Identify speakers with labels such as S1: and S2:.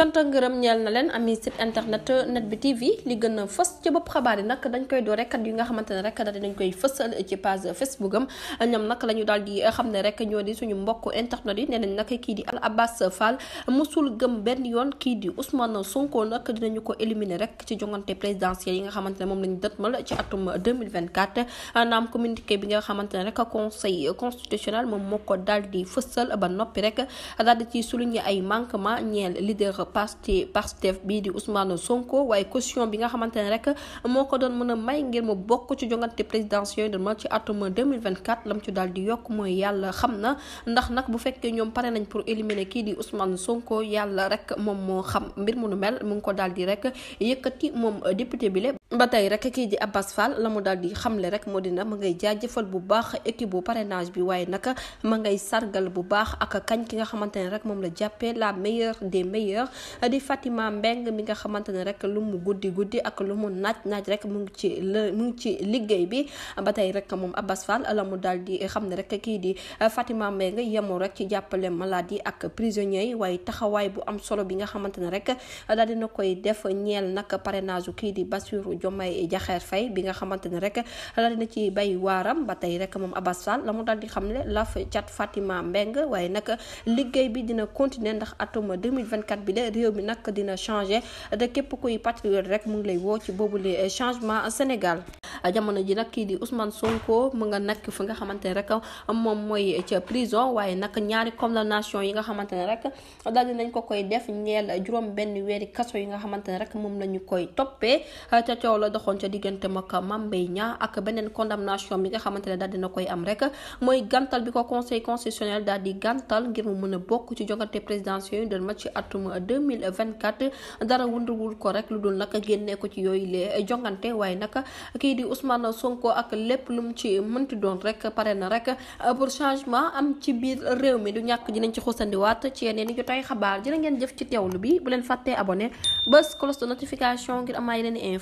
S1: cant ak ngërëm ñeel na leen ami site internet net bi TV li gën a fës ci bopp xabaar yi nag dañ koy door rek kat nga xamante ne rek di ñu daal di xam ne rek ñoo di suñu mbokk internet yi nee nañ nag kii di Al Abbas Fall musul gëm benn yoon kii di Ousmane Sonko nag dinañu ko éliminer rek ci jongante présidentielle yi nga xamante ne moom lañu dëtmal ci atum naam communiqué bi nga xamante ne rek conseil constitutionnel moom moo ko daal di fësal ba noppi rek daal di ci souligner parti Pastef bii di Ousmane Sonko waaye caution bi nga xamante ne rek moo ko doon mën a may ngir mu bokk ci jongante présidentielle dama ci atum 2024 lam ci daal di yokk mooy yàlla xam na ndax nag bu fekkee ñoom pare nañ pour éliminer kii di Ousmane Sonko yàlla rek moom moo xam mbir mu nu mel mu ngi ko daal di rek yëkkati moom député bi le ba tey rek kii di Abbas Fall la mu daal di xamle rek moo dina ma ngay jaajëfal bu baax équipe bu parrainage bi waaye nag ma ngay sargal bu baax ak kañ ki nga xamante ne rek moom la jàppee la meilleure des meilleures di Fatima Mbeng mi nga xamante ne rek lu mu guddi guddi ak lu mu naaj naaj rek mu ngi ci la mu ci liggéey bi ba tey rek moom Abbas Fall la mu daal di xam ne rek kii di Fatima Mbeng yemoo rek ci jàppale malade yi ak prisonniers yi waaye taxawaay bu am solo bi nga xamante ne rek daal dina koy def ñeel nag parrainage kii di Bassirou Diomaye Diakhar Faye bi nga xamante ne rek daal dina ci bay waaram ba tey rek moom Abbas Fall la mu daal di xam ne laf cat Fatima Mbeng waaye nag liggéey bi dina continuer ndax atum 2024 bi de réew mi nag dina changé te képp kuy patriote rek mu ngi lay woo ci boobule eh, changement Sénégal. jamono ji nag kii di Ousmane Sonko mu nga nekk fu nga xamante ne rek moom mooy ca prison waaye nag ñaari condamnation yi nga xamante ne rek daal di nañ ko koy def ñeel juróom benn weeri kaso yi nga xamante ne rek moom la ñu koy toppee ca coow la doxoon ca diggante mag Mame Mbaye Niang ak beneen condamnation bi nga xamante ne daal dina koy am rek mooy gantal bi ko conseil constitutionnel daal di gantal ngir mu mën a bokk ci jogante présidentielle de match atum 2024 dara wunduwul ko rek lu dul nag génnee ko ci yooyu le jongante waaye nag Ousmane Sonko ak lépp lu mu ci mënti doon rek pare na rek pour changement am ci biir réew mi du ñàkk dinañ ci xusandiwaat ci yeneen i jotaay xabaar jërë ngeen jëf ci teewlu bi bu leen fàttee abonné bés cloche de notification ngir amaa yeneen info